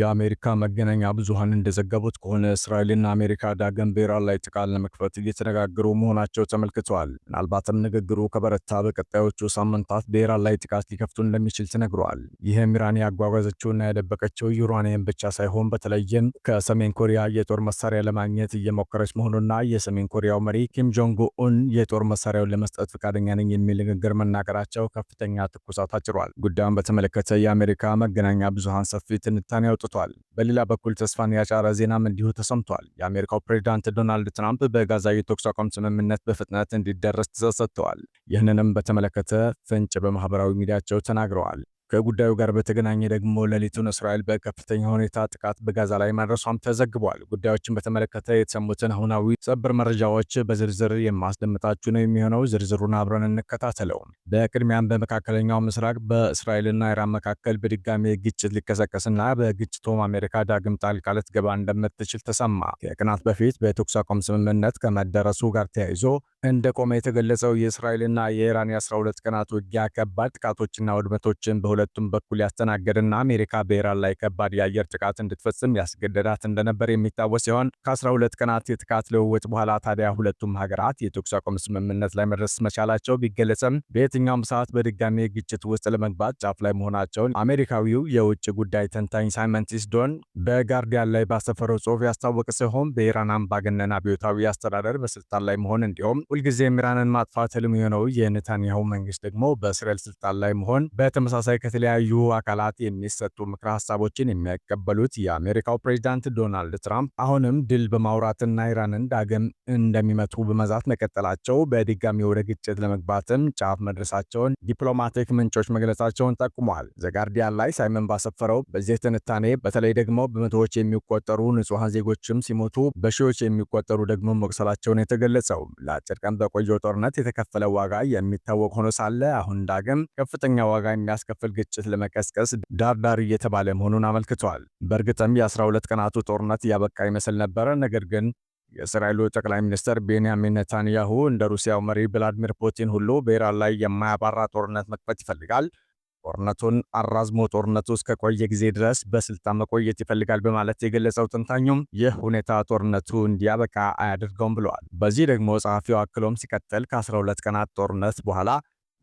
የአሜሪካ መገናኛ ብዙሃን እንደዘገቡት ከሆነ እስራኤልና አሜሪካ ዳግም በኢራን ላይ ጥቃት ለመክፈት እየተነጋገሩ መሆናቸው ተመልክተዋል። ምናልባትም ንግግሩ ከበረታ በቀጣዮቹ ሳምንታት በኢራን ላይ ጥቃት ሊከፍቱ እንደሚችል ተነግሯል። ይህም ኢራን ያጓጓዘችውና ያደበቀችው ዩራኒየም ብቻ ሳይሆን በተለይም ከሰሜን ኮሪያ የጦር መሳሪያ ለማግኘት እየሞከረች መሆኑና የሰሜን ኮሪያው መሪ ኪም ጆንግ ኡን የጦር መሳሪያውን ለመስጠት ፈቃደኛ ነኝ የሚል ንግግር መናገራቸው ከፍተኛ ትኩሳት አጭሯል። ጉዳዩን በተመለከተ የአሜሪካ መገናኛ ብዙሃን ሰፊ ትንታኔ አውጥቷል። በሌላ በኩል ተስፋን ያጫረ ዜናም እንዲሁ ተሰምቷል። የአሜሪካው ፕሬዚዳንት ዶናልድ ትራምፕ በጋዛ የተኩስ አቁም ስምምነት በፍጥነት እንዲደረስ ትዕዛዝ ሰጥተዋል። ይህንንም በተመለከተ ፍንጭ በማህበራዊ ሚዲያቸው ተናግረዋል። ከጉዳዩ ጋር በተገናኘ ደግሞ ሌሊቱን እስራኤል በከፍተኛ ሁኔታ ጥቃት በጋዛ ላይ ማድረሷም ተዘግቧል። ጉዳዮችን በተመለከተ የተሰሙትን አሁናዊ ሰበር መረጃዎች በዝርዝር የማስደምጣችሁ ነው የሚሆነው። ዝርዝሩን አብረን እንከታተለው። በቅድሚያም በመካከለኛው ምስራቅ በእስራኤልና ኢራን መካከል በድጋሚ ግጭት ሊቀሰቀስና በግጭቱም አሜሪካ ዳግም ጣልቃ ልትገባ እንደምትችል ተሰማ። ከቀናት በፊት በተኩስ አቁም ስምምነት ከመደረሱ ጋር ተያይዞ እንደቆመ የተገለጸው የእስራኤልና የኢራን የ12 ቀናት ውጊያ ከባድ ጥቃቶችና ውድመቶችን በሁለቱም በኩል ያስተናገደና አሜሪካ በኢራን ላይ ከባድ የአየር ጥቃት እንድትፈጽም ያስገደዳት እንደነበር የሚታወስ ሲሆን ከ12 ቀናት የጥቃት ልውውጥ በኋላ ታዲያ ሁለቱም ሀገራት የተኩስ አቁም ስምምነት ላይ መድረስ መቻላቸው ቢገለጽም በየትኛውም ሰዓት በድጋሚ ግጭት ውስጥ ለመግባት ጫፍ ላይ መሆናቸውን አሜሪካዊው የውጭ ጉዳይ ተንታኝ ሳይመን ሲስዶን በጋርዲያን ላይ ባሰፈረው ጽሑፍ ያስታወቀ ሲሆን በኢራን አምባገነን አብዮታዊ አስተዳደር በስልጣን ላይ መሆን እንዲሁም ሁልጊዜ ኢራንን ማጥፋት ህልም የሆነው የኔታንያሁ መንግስት ደግሞ በእስራኤል ስልጣን ላይ መሆን፣ በተመሳሳይ ከተለያዩ አካላት የሚሰጡ ምክረ ሀሳቦችን የሚያቀበሉት የአሜሪካው ፕሬዚዳንት ዶናልድ ትራምፕ አሁንም ድል በማውራትና ኢራንን ዳግም እንደሚመቱ በመዛት መቀጠላቸው በድጋሚ ወደ ግጭት ለመግባትም ጫፍ መድረሳቸውን ዲፕሎማቲክ ምንጮች መግለጻቸውን ጠቁሟል። ዘጋርዲያን ላይ ሳይመን ባሰፈረው በዚህ ትንታኔ በተለይ ደግሞ በመቶዎች የሚቆጠሩ ንጹሐን ዜጎችም ሲሞቱ በሺዎች የሚቆጠሩ ደግሞ መቁሰላቸውን የተገለጸው ለአጭር ቀን በቆየው ጦርነት የተከፈለ ዋጋ የሚታወቅ ሆኖ ሳለ አሁን ዳግም ከፍተኛ ዋጋ የሚያስከፍል ግጭት ለመቀስቀስ ዳርዳር እየተባለ መሆኑን አመልክቷል። በእርግጥም የ12 ቀናቱ ጦርነት እያበቃ ይመስል ነበረ። ነገር ግን የእስራኤሉ ጠቅላይ ሚኒስትር ቤንያሚን ኔታንያሁ እንደ ሩሲያው መሪ ብላድሚር ፑቲን ሁሉ በኢራን ላይ የማያባራ ጦርነት መክፈት ይፈልጋል። ጦርነቱን አራዝሞ ጦርነቱ እስከ ቆየ ጊዜ ድረስ በስልጣን መቆየት ይፈልጋል በማለት የገለጸው ተንታኙም ይህ ሁኔታ ጦርነቱ እንዲያበቃ አያደርገውም ብለዋል። በዚህ ደግሞ ጸሐፊው አክሎም ሲቀጥል ከ12 ቀናት ጦርነት በኋላ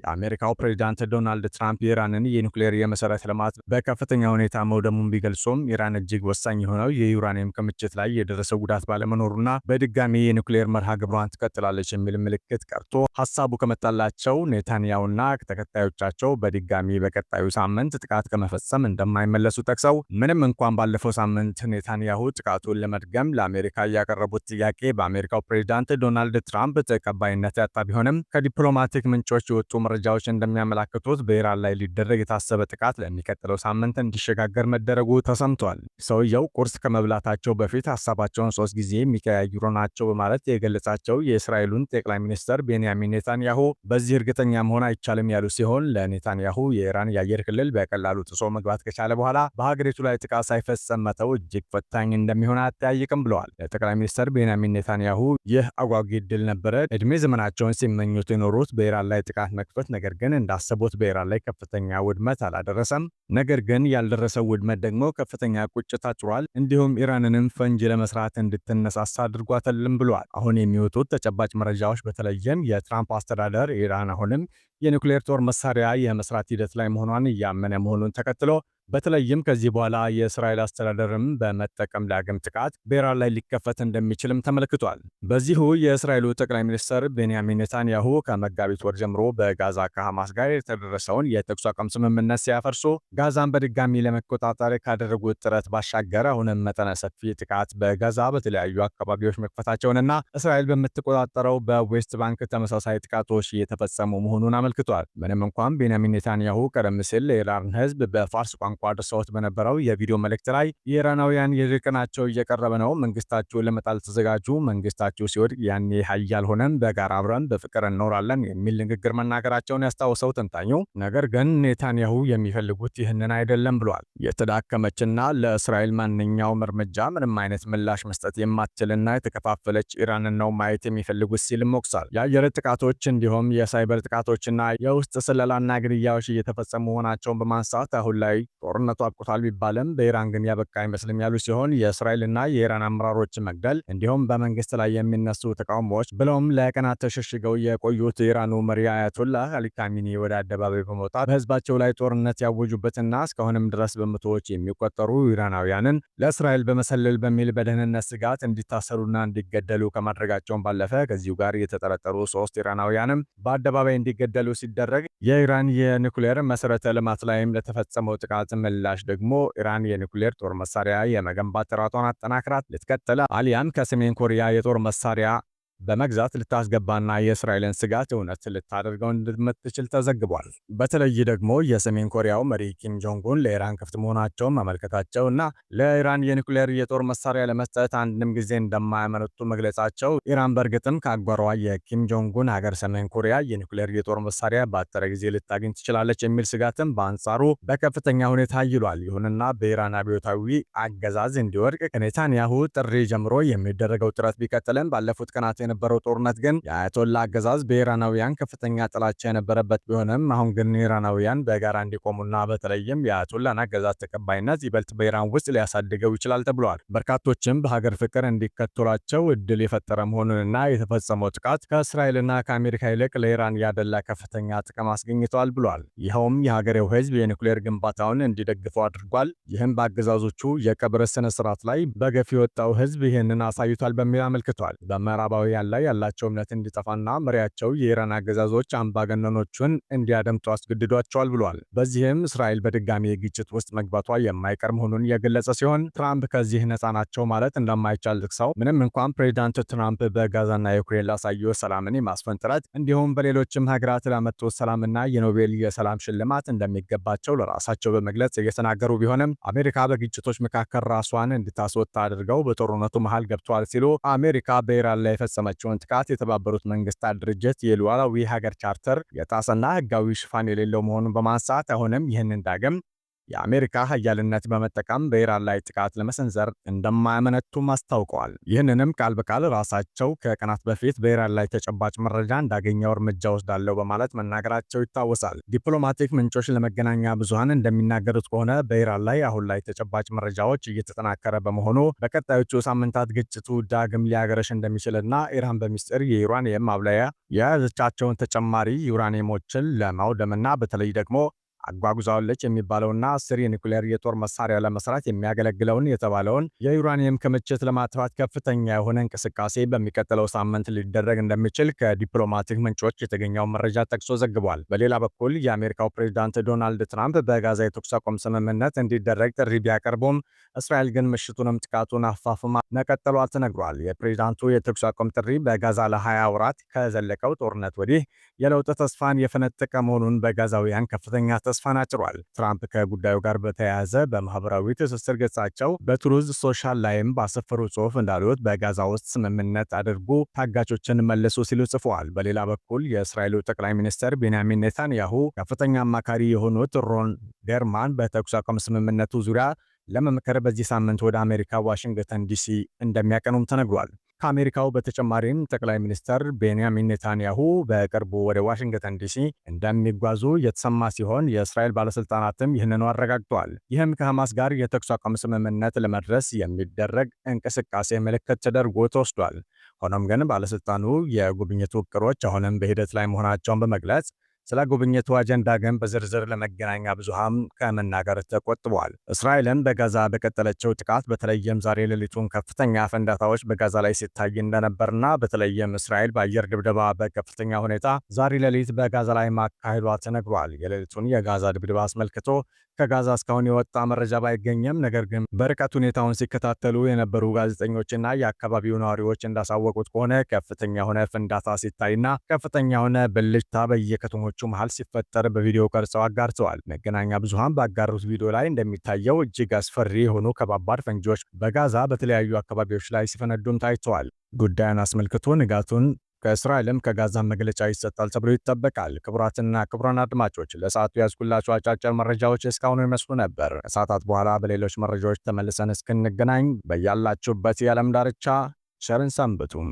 የአሜሪካው ፕሬዚዳንት ዶናልድ ትራምፕ የኢራንን የኒውክሌር የመሰረተ ልማት በከፍተኛ ሁኔታ መውደሙን ቢገልጹም ኢራን እጅግ ወሳኝ የሆነው የዩራኒየም ክምችት ላይ የደረሰው ጉዳት ባለመኖሩና በድጋሚ የኒውክሌር መርሃ ግብሯን ትቀጥላለች የሚል ምልክት ቀርቶ ሀሳቡ ከመጣላቸው ኔታንያሁና ተከታዮቻቸው በድጋሚ በቀጣዩ ሳምንት ጥቃት ከመፈጸም እንደማይመለሱ ጠቅሰው ምንም እንኳን ባለፈው ሳምንት ኔታንያሁ ጥቃቱን ለመድገም ለአሜሪካ ያቀረቡት ጥያቄ በአሜሪካው ፕሬዚዳንት ዶናልድ ትራምፕ ተቀባይነት ያጣ ቢሆንም ከዲፕሎማቲክ ምንጮች የወጡ መረጃዎች እንደሚያመላክቱት በኢራን ላይ ሊደረግ የታሰበ ጥቃት ለሚቀጥለው ሳምንት እንዲሸጋገር መደረጉ ተሰምቷል። ሰውየው ቁርስ ከመብላታቸው በፊት ሀሳባቸውን ሶስት ጊዜ የሚቀያይሩ ናቸው በማለት የገለጻቸው የእስራኤሉን ጠቅላይ ሚኒስትር ቤንያሚን ኔታንያሁ በዚህ እርግጠኛ መሆን አይቻልም ያሉ ሲሆን ለኔታንያሁ የኢራን የአየር ክልል በቀላሉ ጥሶ መግባት ከቻለ በኋላ በሀገሪቱ ላይ ጥቃት ሳይፈጸም መተው እጅግ ፈታኝ እንደሚሆን አጠያይቅም ብለዋል። ለጠቅላይ ሚኒስትር ቤንያሚን ኔታንያሁ ይህ አጓጊ ድል ነበረ፣ እድሜ ዘመናቸውን ሲመኙት የኖሩት በኢራን ላይ ጥቃት መክፈት ያለበት ነገር ግን እንዳሰቡት በኢራን ላይ ከፍተኛ ውድመት አላደረሰም። ነገር ግን ያልደረሰው ውድመት ደግሞ ከፍተኛ ቁጭት አጭሯል። እንዲሁም ኢራንንም ፈንጅ ለመስራት እንድትነሳሳ አድርጓታልም ብሏል። አሁን የሚወጡት ተጨባጭ መረጃዎች በተለይም የትራምፕ አስተዳደር ኢራን አሁንም የኒውክሌር ጦር መሳሪያ የመስራት ሂደት ላይ መሆኗን እያመነ መሆኑን ተከትሎ በተለይም ከዚህ በኋላ የእስራኤል አስተዳደርም በመጠቀም ዳግም ጥቃት በኢራን ላይ ሊከፈት እንደሚችልም ተመልክቷል። በዚሁ የእስራኤሉ ጠቅላይ ሚኒስትር ቤንያሚን ኔታንያሁ ከመጋቢት ወር ጀምሮ በጋዛ ከሐማስ ጋር የተደረሰውን የተኩስ አቁም ስምምነት ሲያፈርሱ ጋዛን በድጋሚ ለመቆጣጠር ካደረጉት ጥረት ባሻገር አሁንም መጠነ ሰፊ ጥቃት በጋዛ በተለያዩ አካባቢዎች መክፈታቸውንና እስራኤል በምትቆጣጠረው በዌስት ባንክ ተመሳሳይ ጥቃቶች እየተፈጸሙ መሆኑን ተመልክቷል። ምንም እንኳን ቤንያሚን ኔታንያሁ ቀደም ሲል ለኢራን ህዝብ በፋርስ ቋንቋ አድርሰውት በነበረው የቪዲዮ መልእክት ላይ የኢራናውያን የድርቅናቸው እየቀረበ ነው፣ መንግስታችሁን ለመጣል ተዘጋጁ፣ መንግስታችሁ ሲወድቅ ያኔ ሀያል ሆነን በጋራ አብረን በፍቅር እንኖራለን የሚል ንግግር መናገራቸውን ያስታውሰው ተንታኙ፣ ነገር ግን ኔታንያሁ የሚፈልጉት ይህንን አይደለም ብሏል። የተዳከመችና ለእስራኤል ማንኛውም እርምጃ ምንም አይነት ምላሽ መስጠት የማትችልና የተከፋፈለች ኢራንን ነው ማየት የሚፈልጉት ሲልም ወቅሷል። የአየር ጥቃቶች እንዲሁም የሳይበር ጥቃቶችን የውጭና የውስጥ ስለላና ግድያዎች እየተፈጸሙ መሆናቸውን በማንሳት አሁን ላይ ጦርነቱ አብቅቷል ቢባልም በኢራን ግን ያበቃ አይመስልም ያሉ ሲሆን የእስራኤልና የኢራን አመራሮች መግደል እንዲሁም በመንግስት ላይ የሚነሱ ተቃውሞዎች ብለውም ለቀናት ተሸሽገው የቆዩት የኢራኑ መሪ አያቶላህ አሊ ካሚኒ ወደ አደባባይ በመውጣት በህዝባቸው ላይ ጦርነት ያወጁበትና እስካሁንም ድረስ በመቶዎች የሚቆጠሩ ኢራናውያንን ለእስራኤል በመሰለል በሚል በደህንነት ስጋት እንዲታሰሩና እንዲገደሉ ከማድረጋቸውን ባለፈ ከዚሁ ጋር የተጠረጠሩ ሶስት ኢራናውያንም በአደባባይ እንዲገደሉ ሲሉ ሲደረግ የኢራን የኒኩሌር መሰረተ ልማት ላይም ለተፈጸመው ጥቃት ምላሽ ደግሞ ኢራን የኒኩሌር ጦር መሳሪያ የመገንባት ጥራቷን አጠናክራት ልትቀጥል አሊያም ከሰሜን ኮሪያ የጦር መሳሪያ በመግዛት ልታስገባና የእስራኤልን ስጋት እውነት ልታደርገው እንደምትችል ተዘግቧል። በተለይ ደግሞ የሰሜን ኮሪያው መሪ ኪም ጆንጉን ለኢራን ክፍት መሆናቸውን መመልከታቸው እና ለኢራን የኒውክሌር የጦር መሳሪያ ለመስጠት አንድም ጊዜ እንደማያመነቱ መግለጻቸው ኢራን በእርግጥም ከአጓሯ የኪም ጆንጉን ሀገር ሰሜን ኮሪያ የኒኩሌር የጦር መሳሪያ በአጠረ ጊዜ ልታገኝ ትችላለች የሚል ስጋትም በአንጻሩ በከፍተኛ ሁኔታ ይሏል። ይሁንና በኢራን አብዮታዊ አገዛዝ እንዲወድቅ ከኔታንያሁ ጥሪ ጀምሮ የሚደረገው ጥረት ቢቀጥልም ባለፉት ቀናት የነበረው ጦርነት ግን የአያቶላ አገዛዝ በኢራናውያን ከፍተኛ ጥላቻ የነበረበት ቢሆንም አሁን ግን ኢራናውያን በጋራ እንዲቆሙና በተለይም የአያቶላን አገዛዝ ተቀባይነት ይበልጥ በኢራን ውስጥ ሊያሳድገው ይችላል ተብሏል። በርካቶችም በሀገር ፍቅር እንዲከተሏቸው እድል የፈጠረ መሆኑንና የተፈጸመው ጥቃት ከእስራኤልና ከአሜሪካ ይልቅ ለኢራን ያደላ ከፍተኛ ጥቅም አስገኝተዋል ብሏል። ይኸውም የሀገሬው ህዝብ የኒኩሌር ግንባታውን እንዲደግፈው አድርጓል። ይህም በአገዛዞቹ የቀብር ስነ ስርዓት ላይ በገፍ የወጣው ህዝብ ይህንን አሳይቷል በሚል አመልክቷል። በምዕራባዊ በጣሊያን ላይ ያላቸው እምነት እንዲጠፋና መሪያቸው የኢራን አገዛዞች አምባገነኖቹን እንዲያደምጡ አስገድዷቸዋል ብሏል። በዚህም እስራኤል በድጋሚ የግጭት ውስጥ መግባቷ የማይቀር መሆኑን የገለጸ ሲሆን ትራምፕ ከዚህ ነፃ ናቸው ማለት እንደማይቻል ጠቅሰው ምንም እንኳን ፕሬዚዳንት ትራምፕ በጋዛና ዩክሬን ላሳዩ ሰላምን የማስፈን ጥረት እንዲሁም በሌሎችም ሀገራት ላመጡት ሰላምና የኖቤል የሰላም ሽልማት እንደሚገባቸው ለራሳቸው በመግለጽ እየተናገሩ ቢሆንም አሜሪካ በግጭቶች መካከል ራሷን እንድታስወጣ አድርገው በጦርነቱ መሃል ገብተዋል ሲሉ አሜሪካ በኢራን ላይ የፈጸመ የፈጸመችውን ጥቃት የተባበሩት መንግስታት ድርጅት የሉዓላዊ ሀገር ቻርተር የጣሰና ህጋዊ ሽፋን የሌለው መሆኑን በማንሳት አሁንም ይህንን ዳግም የአሜሪካ ሀያልነት በመጠቀም በኢራን ላይ ጥቃት ለመሰንዘር እንደማያመነቱም አስታውቀዋል። ይህንንም ቃል በቃል ራሳቸው ከቀናት በፊት በኢራን ላይ ተጨባጭ መረጃ እንዳገኘው እርምጃ ወስዳለው በማለት መናገራቸው ይታወሳል። ዲፕሎማቲክ ምንጮች ለመገናኛ ብዙሃን እንደሚናገሩት ከሆነ በኢራን ላይ አሁን ላይ ተጨባጭ መረጃዎች እየተጠናከረ በመሆኑ በቀጣዮቹ ሳምንታት ግጭቱ ዳግም ሊያገረሽ እንደሚችልና ኢራን በሚስጥር የዩራኒየም ማብላያ የያዘቻቸውን ተጨማሪ ዩራኒየሞችን ለማውደምና በተለይ ደግሞ አጓጉዛለች የሚባለውና አስር የኒኩሌር የጦር መሳሪያ ለመስራት የሚያገለግለውን የተባለውን የዩራኒየም ክምችት ለማጥፋት ከፍተኛ የሆነ እንቅስቃሴ በሚቀጥለው ሳምንት ሊደረግ እንደሚችል ከዲፕሎማቲክ ምንጮች የተገኘው መረጃ ጠቅሶ ዘግቧል። በሌላ በኩል የአሜሪካው ፕሬዚዳንት ዶናልድ ትራምፕ በጋዛ የተኩስ አቁም ስምምነት እንዲደረግ ጥሪ ቢያቀርቡም እስራኤል ግን ምሽቱንም ጥቃቱን አፋፍማ መቀጠሏ ተነግሯል። የፕሬዚዳንቱ የተኩስ አቁም ጥሪ በጋዛ ለ20 ወራት ከዘለቀው ጦርነት ወዲህ የለውጥ ተስፋን የፈነጠቀ መሆኑን በጋዛውያን ከፍተኛ ተስፋ አስፈናጭሯል። ትራምፕ ከጉዳዩ ጋር በተያያዘ በማህበራዊ ትስስር ገጻቸው በትሩዝ ሶሻል ላይም ባሰፈሩ ጽሑፍ እንዳሉት በጋዛ ውስጥ ስምምነት አድርጉ፣ ታጋቾችን መልሱ ሲሉ ጽፈዋል። በሌላ በኩል የእስራኤሉ ጠቅላይ ሚኒስትር ቤንያሚን ኔታንያሁ ከፍተኛ አማካሪ የሆኑት ሮን ደርማን በተኩስ አቁም ስምምነቱ ዙሪያ ለመምከር በዚህ ሳምንት ወደ አሜሪካ ዋሽንግተን ዲሲ እንደሚያቀኑም ተነግሯል። ከአሜሪካው በተጨማሪም ጠቅላይ ሚኒስትር ቤንያሚን ኔታንያሁ በቅርቡ ወደ ዋሽንግተን ዲሲ እንደሚጓዙ የተሰማ ሲሆን የእስራኤል ባለሥልጣናትም ይህንኑ አረጋግጠዋል። ይህም ከሐማስ ጋር የተኩስ አቋም ስምምነት ለመድረስ የሚደረግ እንቅስቃሴ ምልክት ተደርጎ ተወስዷል። ሆኖም ግን ባለሥልጣኑ የጉብኝቱ እቅዶች አሁንም በሂደት ላይ መሆናቸውን በመግለጽ ስለ ጉብኝቱ አጀንዳ ግን በዝርዝር ለመገናኛ ብዙሃን ከመናገር ተቆጥቧል። እስራኤልን በጋዛ በቀጠለችው ጥቃት በተለይም ዛሬ ሌሊቱን ከፍተኛ ፍንዳታዎች በጋዛ ላይ ሲታይ እንደነበርና በተለይም እስራኤል በአየር ድብደባ በከፍተኛ ሁኔታ ዛሬ ሌሊት በጋዛ ላይ ማካሄዷ ተነግሯል። የሌሊቱን የጋዛ ድብደባ አስመልክቶ ከጋዛ እስካሁን የወጣ መረጃ ባይገኘም ነገር ግን በርቀት ሁኔታውን ሲከታተሉ የነበሩ ጋዜጠኞችና የአካባቢው ነዋሪዎች እንዳሳወቁት ከሆነ ከፍተኛ የሆነ ፍንዳታ ሲታይና ከፍተኛ የሆነ ብልጭታ በየከተሞቹ መሃል ሲፈጠር በቪዲዮ ቀርጸው አጋርተዋል። መገናኛ ብዙሃን ባጋሩት ቪዲዮ ላይ እንደሚታየው እጅግ አስፈሪ የሆኑ ከባባድ ፈንጂዎች በጋዛ በተለያዩ አካባቢዎች ላይ ሲፈነዱም ታይተዋል። ጉዳዩን አስመልክቶ ንጋቱን ከእስራኤልም ከጋዛ መግለጫ ይሰጣል ተብሎ ይጠበቃል። ክቡራትና ክቡራን አድማጮች ለሰዓቱ ያዝኩላቸው አጫጭር መረጃዎች እስካሁኑ ይመስሉ ነበር። ከሰዓታት በኋላ በሌሎች መረጃዎች ተመልሰን እስክንገናኝ በያላችሁበት የዓለም ዳርቻ ቸርን ሰንብቱም።